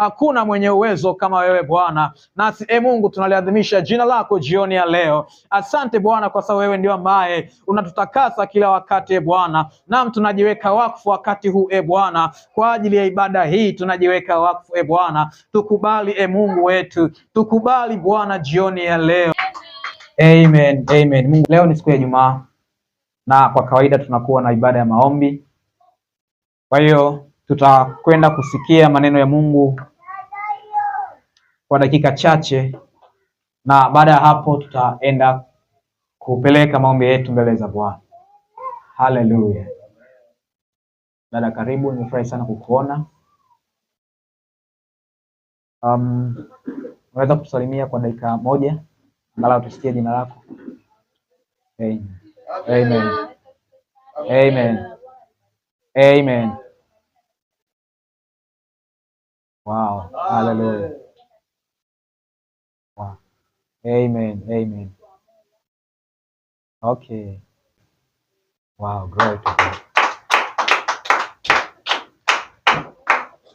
hakuna mwenye uwezo kama wewe Bwana. Nasi e Mungu, tunaliadhimisha jina lako jioni ya leo. Asante Bwana kwa sababu wewe ndio ambaye unatutakasa kila wakati e Bwana, nam tunajiweka wakfu wakati huu e Bwana, kwa ajili ya ibada hii tunajiweka wakfu e Bwana, tukubali e Mungu wetu, tukubali Bwana jioni ya leo. Amen, amen. Mungu, leo ni siku ya Ijumaa na kwa kawaida tunakuwa na ibada ya maombi, kwa hiyo tutakwenda kusikia maneno ya Mungu kwa dakika chache, na baada ya hapo tutaenda kupeleka maombi yetu mbele za Bwana. Haleluya. Dada karibu, nimefurahi sana kukuona. Um, unaweza kutusalimia kwa dakika moja angalau tusikie jina lako. Amen. Amen. Amen. Amen. Wow. Haleluya. Amen. Amen. Okay. Wow, great.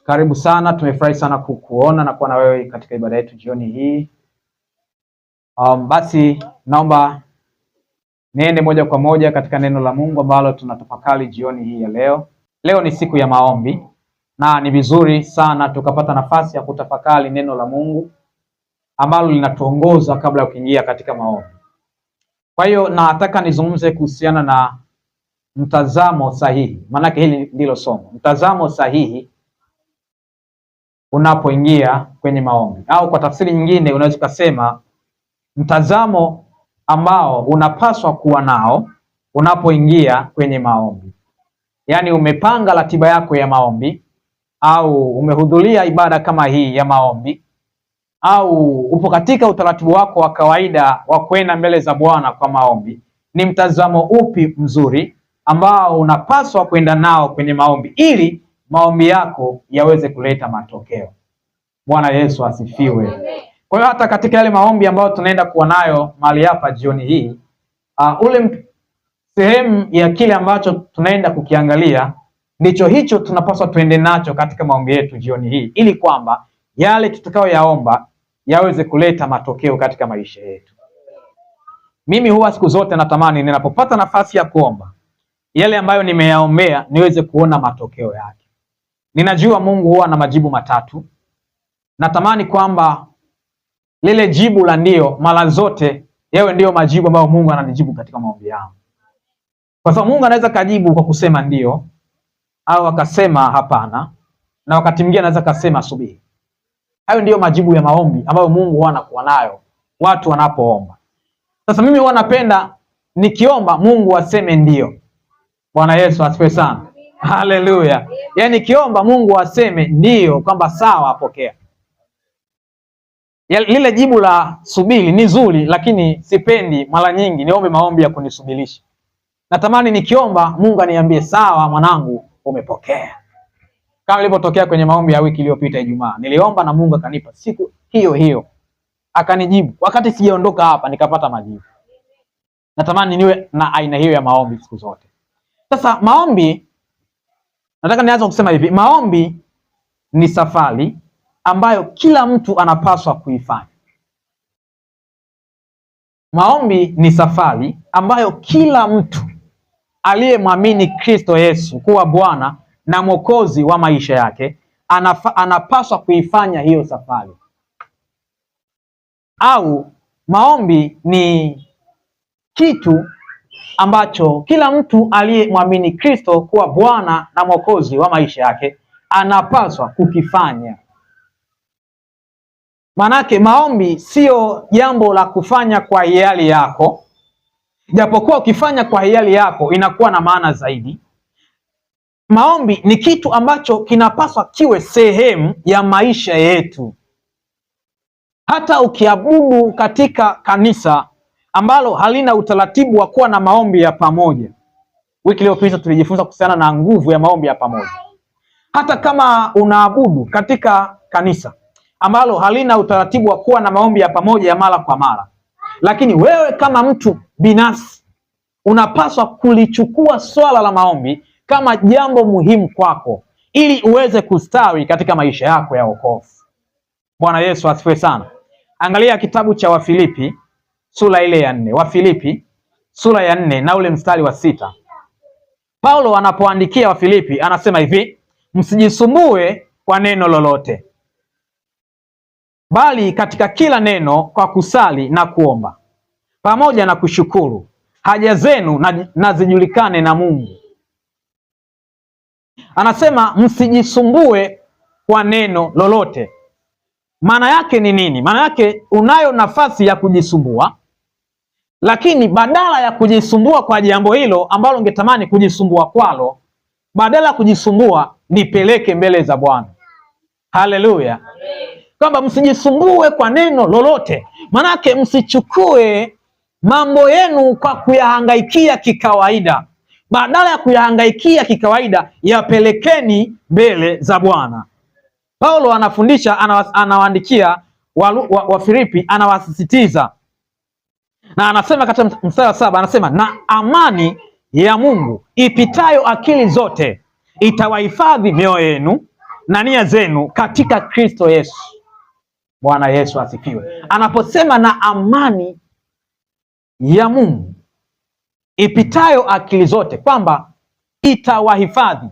Karibu sana, tumefurahi sana kukuona na kuwa na wewe katika ibada yetu jioni hii. Um, basi naomba niende moja kwa moja katika neno la Mungu ambalo tunatafakari jioni hii ya leo. Leo ni siku ya maombi na ni vizuri sana tukapata nafasi ya kutafakari neno la Mungu ambalo linatuongoza kabla ya kuingia katika maombi. Kwa hiyo nataka nizungumze kuhusiana na mtazamo sahihi, maanake hili ndilo somo, mtazamo sahihi unapoingia kwenye maombi, au kwa tafsiri nyingine unaweza ukasema mtazamo ambao unapaswa kuwa nao unapoingia kwenye maombi. Yaani umepanga ratiba yako ya maombi au umehudhuria ibada kama hii ya maombi au upo katika utaratibu wako wa kawaida wa kwenda mbele za Bwana kwa maombi, ni mtazamo upi mzuri ambao unapaswa kwenda nao kwenye maombi ili maombi yako yaweze kuleta matokeo. Bwana Yesu asifiwe. Kwa hiyo hata katika yale maombi ambayo tunaenda kuwa nayo mahali hapa jioni hii, uh, ule sehemu ya kile ambacho tunaenda kukiangalia ndicho hicho tunapaswa tuende nacho katika maombi yetu jioni hii, ili kwamba yale tutakayoyaomba yaweze kuleta matokeo katika maisha yetu. Mimi huwa siku zote natamani ninapopata nafasi ya kuomba yale ambayo nimeyaombea niweze kuona matokeo yake. Ninajua Mungu huwa na majibu matatu. Natamani kwamba lile jibu la ndio mara zote yawe ndiyo majibu ambayo Mungu ananijibu katika maombi yangu, kwa sababu Mungu anaweza kajibu kwa kusema ndio au akasema hapana, na wakati mwingine anaweza kasema subiri. Hayo ndiyo majibu ya maombi ambayo Mungu huwa anakuwa nayo watu wanapoomba. Sasa mimi huwa napenda nikiomba Mungu aseme ndiyo. Bwana Yesu asifiwe sana. Haleluya. Yaani nikiomba Mungu aseme ndiyo kwamba sawa, apokea. Lile jibu la subiri ni zuri, lakini sipendi mara nyingi niombe maombi ya kunisubirisha. Natamani nikiomba Mungu aniambie sawa, mwanangu, umepokea kama ilivyotokea kwenye maombi ya wiki iliyopita Ijumaa. Niliomba na Mungu akanipa siku hiyo hiyo, akanijibu wakati sijaondoka hapa, nikapata majibu. Natamani niwe na aina hiyo ya maombi siku zote. Sasa maombi, nataka nianze kusema hivi, maombi ni safari ambayo kila mtu anapaswa kuifanya. Maombi ni safari ambayo kila mtu aliyemwamini Kristo Yesu kuwa Bwana na mwokozi wa maisha yake anafa, anapaswa kuifanya hiyo safari. Au maombi ni kitu ambacho kila mtu aliyemwamini Kristo kuwa Bwana na mwokozi wa maisha yake anapaswa kukifanya. Manake maombi siyo jambo la kufanya kwa hiari yako, japokuwa ukifanya kwa hiari yako inakuwa na maana zaidi, Maombi ni kitu ambacho kinapaswa kiwe sehemu ya maisha yetu. Hata ukiabudu katika kanisa ambalo halina utaratibu wa kuwa na maombi ya pamoja, wiki iliyopita tulijifunza kuhusiana na nguvu ya maombi ya pamoja. Hata kama unaabudu katika kanisa ambalo halina utaratibu wa kuwa na maombi ya pamoja ya mara kwa mara, lakini wewe kama mtu binafsi unapaswa kulichukua swala la maombi kama jambo muhimu kwako ili uweze kustawi katika maisha yako ya wokovu. Bwana Yesu asifiwe sana. Angalia kitabu cha Wafilipi sura ile ya nne, Wafilipi sura ya nne na ule mstari wa sita. Paulo anapoandikia Wafilipi anasema hivi, msijisumbue kwa neno lolote, bali katika kila neno kwa kusali na kuomba pamoja na kushukuru haja zenu na, na zijulikane na Mungu Anasema msijisumbue kwa neno lolote. Maana yake ni nini? Maana yake unayo nafasi ya kujisumbua, lakini badala ya kujisumbua kwa jambo hilo ambalo ungetamani kujisumbua kwalo, badala ya kujisumbua, nipeleke mbele za Bwana. Haleluya! Kwamba msijisumbue kwa neno lolote, maana yake msichukue mambo yenu kwa kuyahangaikia kikawaida badala ya kuyahangaikia kikawaida, yapelekeni mbele za Bwana. Paulo anafundisha, anawaandikia Wafilipi wa, wa anawasisitiza na anasema katika mstari wa saba anasema, na amani ya Mungu ipitayo akili zote itawahifadhi mioyo yenu na nia zenu katika Kristo Yesu. Bwana Yesu asifiwe. Anaposema na amani ya Mungu ipitayo akili zote, kwamba itawahifadhi.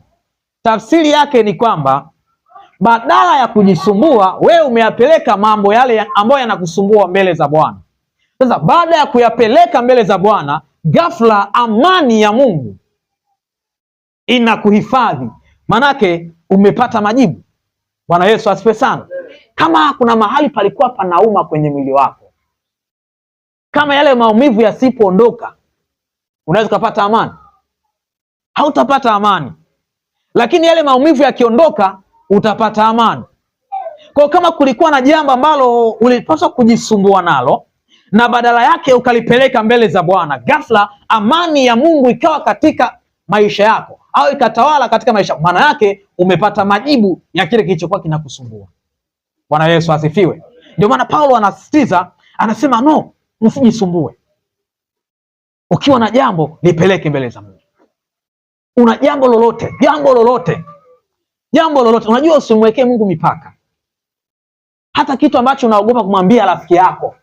Tafsiri yake ni kwamba badala ya kujisumbua, wewe umeyapeleka mambo yale ambayo yanakusumbua mbele za Bwana. Sasa baada ya kuyapeleka mbele za Bwana, ghafla amani ya Mungu inakuhifadhi, manake umepata majibu. Bwana Yesu asifiwe sana. Kama kuna mahali palikuwa panauma kwenye mwili wako, kama yale maumivu yasipoondoka unaweza ukapata amani? Hautapata amani, lakini yale maumivu yakiondoka, utapata amani. Kwa kama kulikuwa na jambo ambalo ulipaswa kujisumbua nalo na badala yake ukalipeleka mbele za Bwana, ghafla amani ya Mungu ikawa katika maisha yako au ikatawala katika maisha, maana yake umepata majibu ya kile kilichokuwa kinakusumbua. Bwana Yesu asifiwe. Ndio maana Paulo anasisitiza, anasema no, msijisumbue. Ukiwa na jambo lipeleke mbele za Mungu. Una jambo lolote, jambo lolote, jambo lolote, unajua usimwekee Mungu mipaka. Hata kitu ambacho unaogopa kumwambia rafiki yako,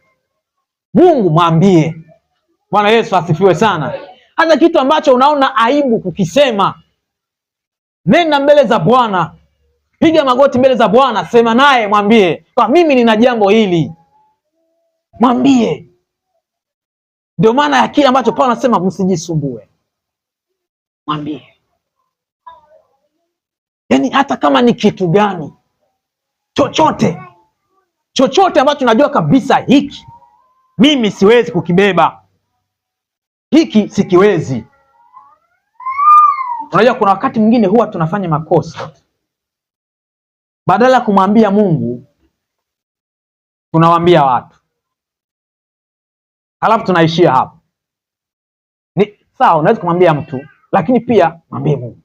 Mungu mwambie. Bwana Yesu asifiwe sana. Hata kitu ambacho unaona aibu kukisema, nenda mbele za Bwana, piga magoti mbele za Bwana, sema naye, mwambie kwa mimi nina jambo hili, mwambie ndio maana ya kile ambacho Paulo anasema msijisumbue, mwambie. yani hata kama ni kitu gani chochote chochote ambacho najua kabisa hiki mimi siwezi kukibeba, hiki sikiwezi. Unajua, kuna wakati mwingine huwa tunafanya makosa, badala ya kumwambia Mungu tunawaambia watu halafu tunaishia hapo. Ni sawa, unaweza kumwambia mtu, lakini pia mwambie Mungu.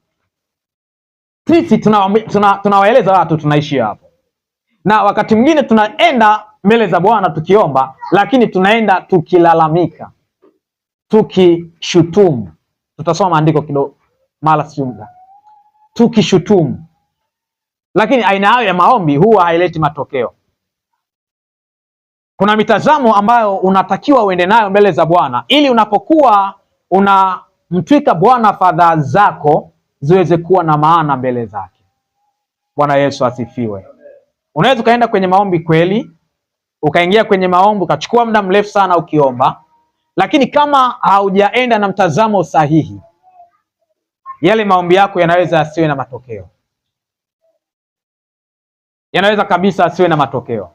Sisi tunawaeleza tuna, tuna watu tunaishia hapo, na wakati mwingine tunaenda mbele za Bwana tukiomba, lakini tunaenda tukilalamika, tukishutumu. Tutasoma maandiko kidogo mara siunga, tukishutumu. Lakini aina hayo ya maombi huwa haileti matokeo. Kuna mitazamo ambayo unatakiwa uende nayo mbele za Bwana ili unapokuwa unamtwika Bwana fadhaa zako ziweze kuwa na maana mbele zake. Bwana Yesu asifiwe. Unaweza ukaenda kwenye maombi kweli, ukaingia kwenye maombi ukachukua muda mrefu sana ukiomba, lakini kama haujaenda na mtazamo sahihi, yale maombi yako yanaweza yasiwe na matokeo, yanaweza kabisa asiwe na matokeo.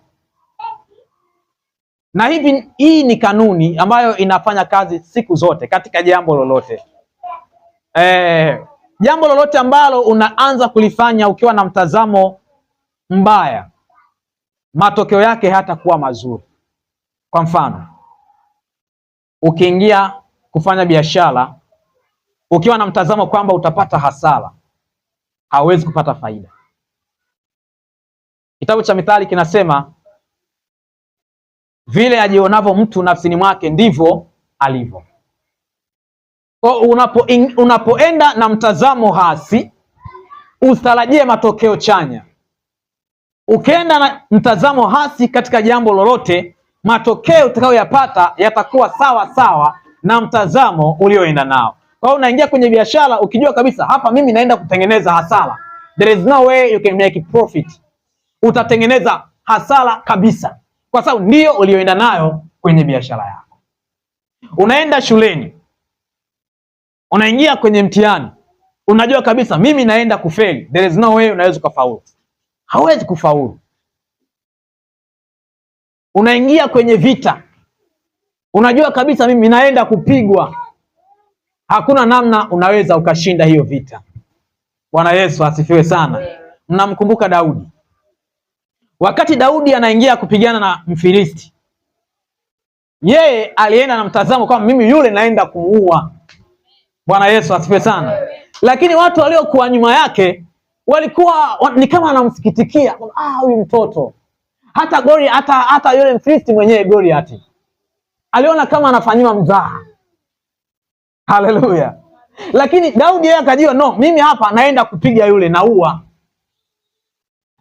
Na hivi hii ni kanuni ambayo inafanya kazi siku zote katika jambo lolote. eh, jambo lolote ambalo unaanza kulifanya ukiwa na mtazamo mbaya, matokeo yake hatakuwa mazuri. Kwa mfano, ukiingia kufanya biashara ukiwa na mtazamo kwamba utapata hasara, hauwezi kupata faida. Kitabu cha Mithali kinasema vile ajionavyo mtu nafsini mwake ndivyo alivyo. Unapo, unapoenda na mtazamo hasi usitarajie matokeo chanya. Ukienda na mtazamo hasi katika jambo lolote, matokeo utakayoyapata yatakuwa sawa sawa na mtazamo ulioenda nao. Kwa hiyo unaingia kwenye biashara ukijua kabisa hapa mimi naenda kutengeneza hasara, there is no way you can make profit, utatengeneza hasara kabisa kwa sababu ndiyo ulioenda nayo kwenye biashara yako. Unaenda shuleni, unaingia kwenye mtihani, unajua kabisa mimi naenda kufeli. There is no way unaweza ukafaulu, hauwezi kufaulu. Unaingia kwenye vita, unajua kabisa mimi naenda kupigwa, hakuna namna unaweza ukashinda hiyo vita. Bwana Yesu asifiwe sana. Mnamkumbuka Daudi Wakati Daudi anaingia kupigana na Mfilisti, yeye alienda na mtazamo kwamba mimi yule naenda kumuua. Bwana Yesu asifiwe sana. Lakini watu waliokuwa nyuma yake walikuwa ni kama anamsikitikia ah, huyu mtoto hata gori, hata hata yule Mfilisti mwenyewe Goliati aliona kama anafanyiwa mzaha. Haleluya! Lakini Daudi yeye akajua, no, mimi hapa naenda kupiga yule, naua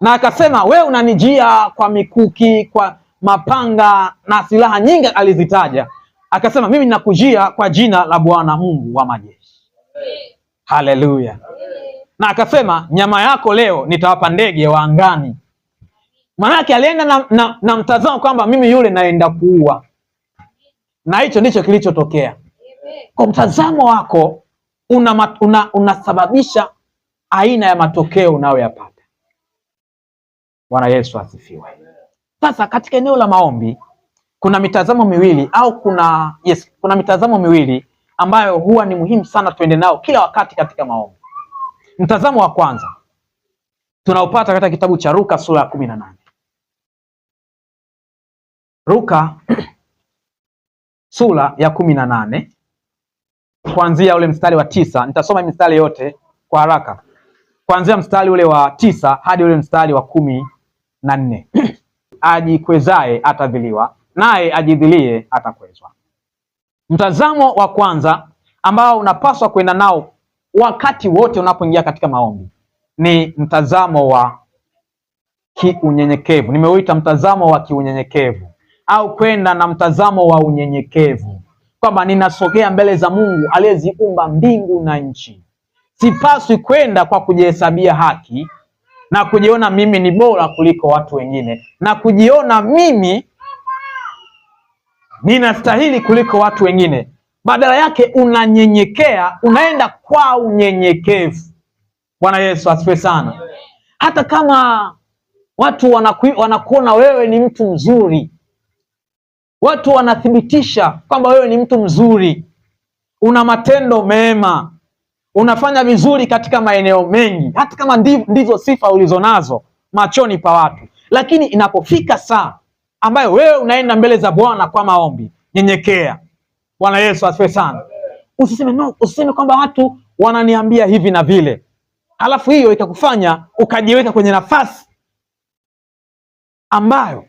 na akasema, wewe unanijia kwa mikuki, kwa mapanga na silaha nyingi alizitaja. Akasema, mimi ninakujia kwa jina la Bwana Mungu wa majeshi. Haleluya! Na akasema, nyama yako leo nitawapa ndege wa angani. Maanake alienda na, na, na mtazamo kwamba mimi yule naenda kuua, na hicho ndicho kilichotokea. Kwa mtazamo wako unasababisha una, una aina ya matokeo unayoyapata. Bwana Yesu asifiwe. Sasa katika eneo la maombi kuna mitazamo miwili au kuna yes, kuna mitazamo miwili ambayo huwa ni muhimu sana tuende nao kila wakati katika maombi. Mtazamo wa kwanza tunaopata katika kitabu cha Luka sura ya kumi na nane Luka sura ya kumi na nane kuanzia ule mstari wa tisa. Nitasoma mistari yote kwa haraka, kuanzia mstari ule wa tisa hadi ule mstari wa kumi na nne ajikwezaye atadhiliwa naye ajidhilie atakwezwa. Mtazamo wa kwanza ambao unapaswa kwenda nao wakati wote unapoingia katika maombi ni mtazamo wa kiunyenyekevu. Nimeuita mtazamo wa kiunyenyekevu au kwenda na mtazamo wa unyenyekevu, kwamba ninasogea mbele za Mungu aliyeziumba mbingu na nchi. Sipaswi kwenda kwa kujihesabia haki na kujiona mimi ni bora kuliko watu wengine na kujiona mimi ninastahili kuliko watu wengine. Badala yake unanyenyekea, unaenda kwa unyenyekevu. Bwana Yesu asifiwe sana. Hata kama watu wanaku, wanakuona wewe ni mtu mzuri, watu wanathibitisha kwamba wewe ni mtu mzuri, una matendo mema unafanya vizuri katika maeneo mengi, hata kama ndizo sifa ulizonazo machoni pa watu, lakini inapofika saa ambayo wewe unaenda mbele za Bwana kwa maombi, nyenyekea. Bwana Yesu asifiwe sana. Usiseme no, usiseme kwamba watu wananiambia hivi na vile, halafu hiyo itakufanya ukajiweka kwenye nafasi ambayo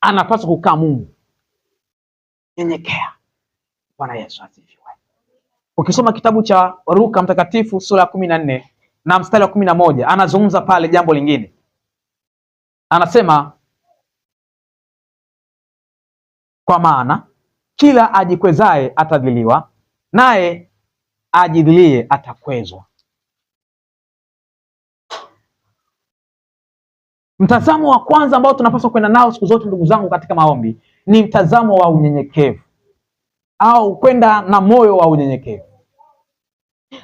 anapaswa kukaa Mungu. Nyenyekea. Bwana Yesu asifiwe. Ukisoma kitabu cha Luka Mtakatifu sura ya kumi na nne na mstari wa kumi na moja anazungumza pale jambo lingine, anasema kwa maana kila ajikwezaye atadhiliwa, naye ajidhilie atakwezwa. Mtazamo wa kwanza ambao tunapaswa kwenda nao siku zote, ndugu zangu, katika maombi ni mtazamo wa unyenyekevu, au kwenda na moyo wa unyenyekevu.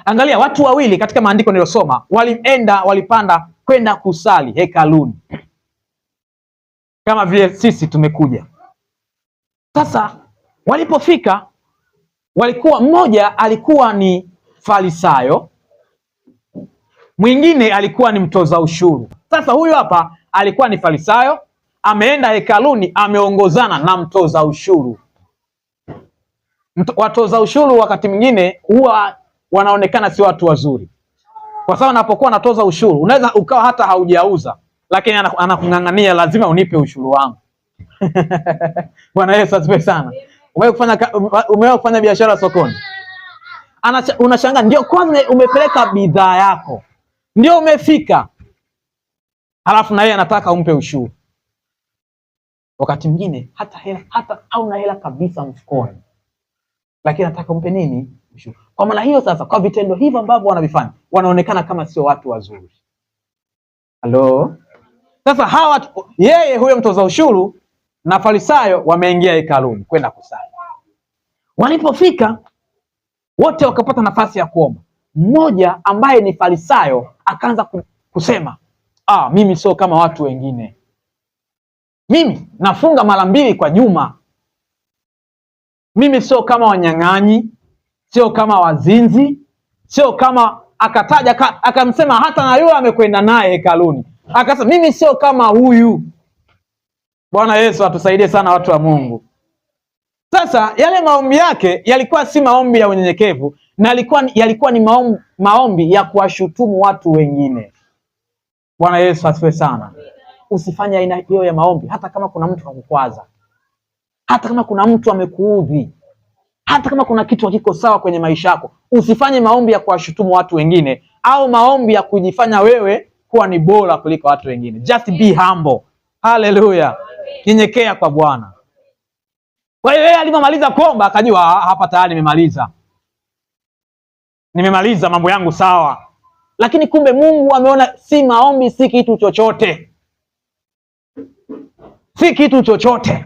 Angalia, watu wawili katika maandiko niliyosoma walienda, walipanda kwenda kusali hekaluni kama vile sisi tumekuja sasa. Walipofika walikuwa mmoja alikuwa ni farisayo, mwingine alikuwa ni mtoza ushuru. Sasa huyu hapa alikuwa ni farisayo, ameenda hekaluni, ameongozana na mtoza ushuru. Watoza ushuru wakati mwingine huwa wanaonekana si watu wazuri, kwa sababu anapokuwa anatoza ushuru, unaweza ukawa hata haujauza, lakini anakung'ang'ania, lazima unipe ushuru wangu. Bwana Yesu asifiwe sana. Umewahi kufanya umewahi kufanya biashara sokoni, unashangaa ndio kwanza umepeleka bidhaa yako, ndio umefika, halafu na yeye anataka umpe ushuru. Wakati mwingine hata hela hata hauna hela kabisa mfukoni, lakini anataka umpe nini? Kwa maana hiyo sasa, kwa vitendo hivyo ambavyo wanavifanya wanaonekana kama sio watu wazuri. Halo, sasa hawa yeye huyo mtoza ushuru na Farisayo wameingia hekaluni kwenda kusali. Walipofika wote wakapata nafasi ya kuomba. Mmoja ambaye ni Farisayo akaanza kusema ah, mimi sio kama watu wengine, mimi nafunga mara mbili kwa juma, mimi sio kama wanyang'anyi sio kama wazinzi, sio kama akataja ka, akamsema hata na yule amekwenda naye hekaluni, akasema mimi sio kama huyu. Bwana Yesu atusaidie sana, watu wa Mungu. Sasa yale maombi yake yalikuwa si maombi ya unyenyekevu, na yalikuwa, yalikuwa ni maombi, maombi ya kuwashutumu watu wengine. Bwana Yesu asifiwe sana. Usifanye aina hiyo ya maombi, hata kama kuna mtu akukwaza, hata kama kuna mtu amekuudhi hata kama kuna kitu hakiko sawa kwenye maisha yako, usifanye maombi ya kuwashutumu watu wengine au maombi ya kujifanya wewe kuwa ni bora kuliko watu wengine. Just be humble. Haleluya, nyenyekea kwa Bwana. Kwa hiyo yeye alipomaliza kuomba akajua ah, hapa tayari nimemaliza, nimemaliza mambo yangu sawa. Lakini kumbe Mungu ameona si maombi, si kitu chochote, si kitu chochote.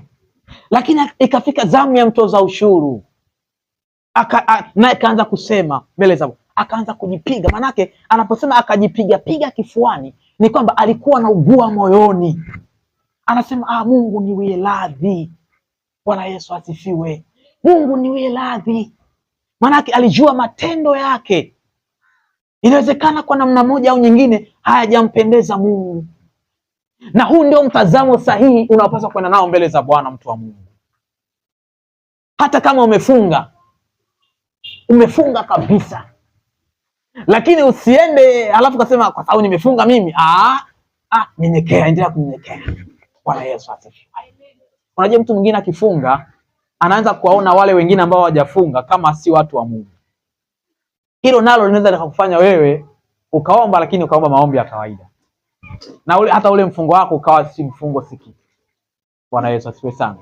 Lakini ikafika zamu ya mtoza ushuru naye kaanza kusema mbele za akaanza kujipiga. Maanake anaposema akajipiga piga kifuani ni kwamba alikuwa anaugua moyoni, anasema ah, Mungu niwie radhi. Bwana Yesu asifiwe. Mungu niwie radhi, maanake alijua matendo yake inawezekana kwa namna moja au nyingine hayajampendeza Mungu, na huu ndio mtazamo sahihi unaopaswa kwenda nao mbele za Bwana, mtu wa Mungu. Hata kama umefunga umefunga kabisa, lakini usiende alafu kasema kwa sababu nimefunga mimi. Ah, ah, nyenyekea, endelea kunyenyekea. Bwana Yesu asifiwe. Unajua, mtu mwingine akifunga anaanza kuwaona wale wengine ambao hawajafunga kama si watu wa Mungu. Hilo nalo linaweza likakufanya wewe ukaomba, lakini ukaomba maombi ya kawaida na ule, hata ule mfungo wako ukawa si mfungo, si kitu. Bwana Yesu asifiwe sana.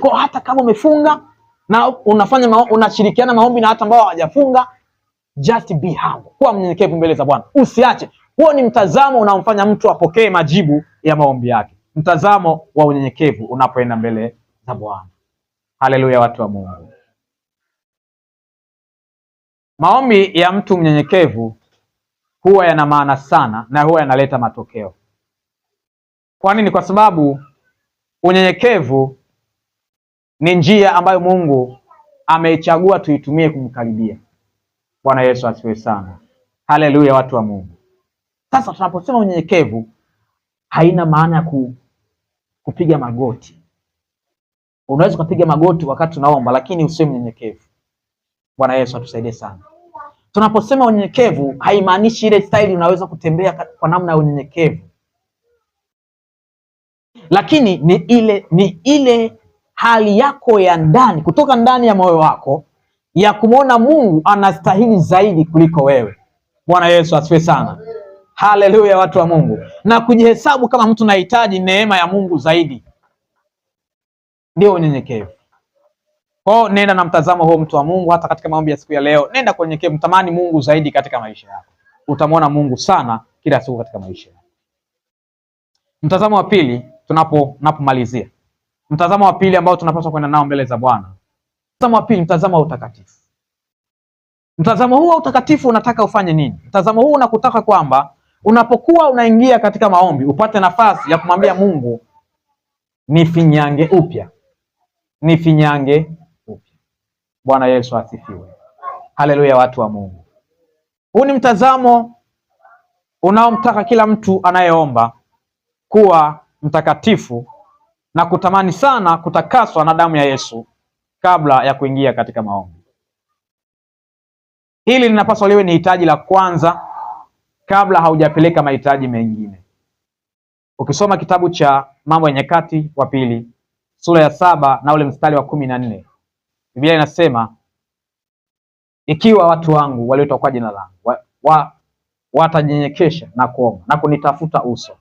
Kwa hata kama umefunga na unafanya mao, unashirikiana maombi na hata ambao hawajafunga. Just be humble, kuwa mnyenyekevu mbele za Bwana, usiache. Huo ni mtazamo unaomfanya mtu apokee majibu ya maombi yake, mtazamo wa unyenyekevu unapoenda mbele za Bwana. Haleluya, watu wa Mungu. Maombi ya mtu mnyenyekevu huwa yana maana sana na huwa yanaleta matokeo. Kwa nini? Kwa sababu unyenyekevu ni njia ambayo Mungu ameichagua tuitumie kumkaribia. Bwana Yesu asifiwe sana, haleluya, watu wa Mungu. Sasa tunaposema unyenyekevu, haina maana ya ku, kupiga magoti. Unaweza ukapiga magoti wakati unaomba, lakini usiwe mnyenyekevu. Bwana Yesu atusaidie sana. Tunaposema unyenyekevu, haimaanishi ile staili unaweza kutembea kwa namna ya unyenyekevu, lakini ni ile ni ile hali yako ya ndani, kutoka ndani ya moyo wako ya kumwona Mungu anastahili zaidi kuliko wewe. Bwana Yesu asifiwe sana. Haleluya, watu wa Mungu, na kujihesabu kama mtu nahitaji neema ya Mungu zaidi, ndio unyenyekevu. Kwa hiyo nenda na mtazamo huo, mtu wa Mungu, hata katika maombi ya siku ya leo, nenda kwa unyenyekevu, mtamani Mungu zaidi katika maisha yako. Utamwona Mungu sana kila siku katika maisha yako. Mtazamo wa pili tunapo napomalizia Mtazamo wa pili ambao tunapaswa kwenda nao mbele za Bwana, mtazamo wa pili, mtazamo wa utakatifu. Mtazamo huu wa utakatifu unataka ufanye nini? Mtazamo huu unakutaka kwamba unapokuwa unaingia katika maombi upate nafasi ya kumwambia Mungu, nifinyange upya, nifinyange upya. Bwana Yesu asifiwe, haleluya, watu wa Mungu. Huu ni mtazamo unaomtaka kila mtu anayeomba kuwa mtakatifu na kutamani sana kutakaswa na damu ya Yesu kabla ya kuingia katika maombi. Hili linapaswa liwe ni hitaji la kwanza kabla haujapeleka mahitaji mengine. Ukisoma kitabu cha Mambo ya Nyakati wa Pili sura ya saba na ule mstari wa kumi na nne Biblia inasema ikiwa watu wangu walioitwa kwa jina langu wa, wa, watajinyenyekesha na kuomba na kunitafuta uso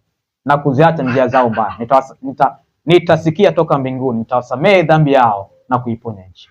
na kuziacha njia zao mbaya nita, nitasikia toka mbinguni, nitawasamehe dhambi yao na kuiponya nchi.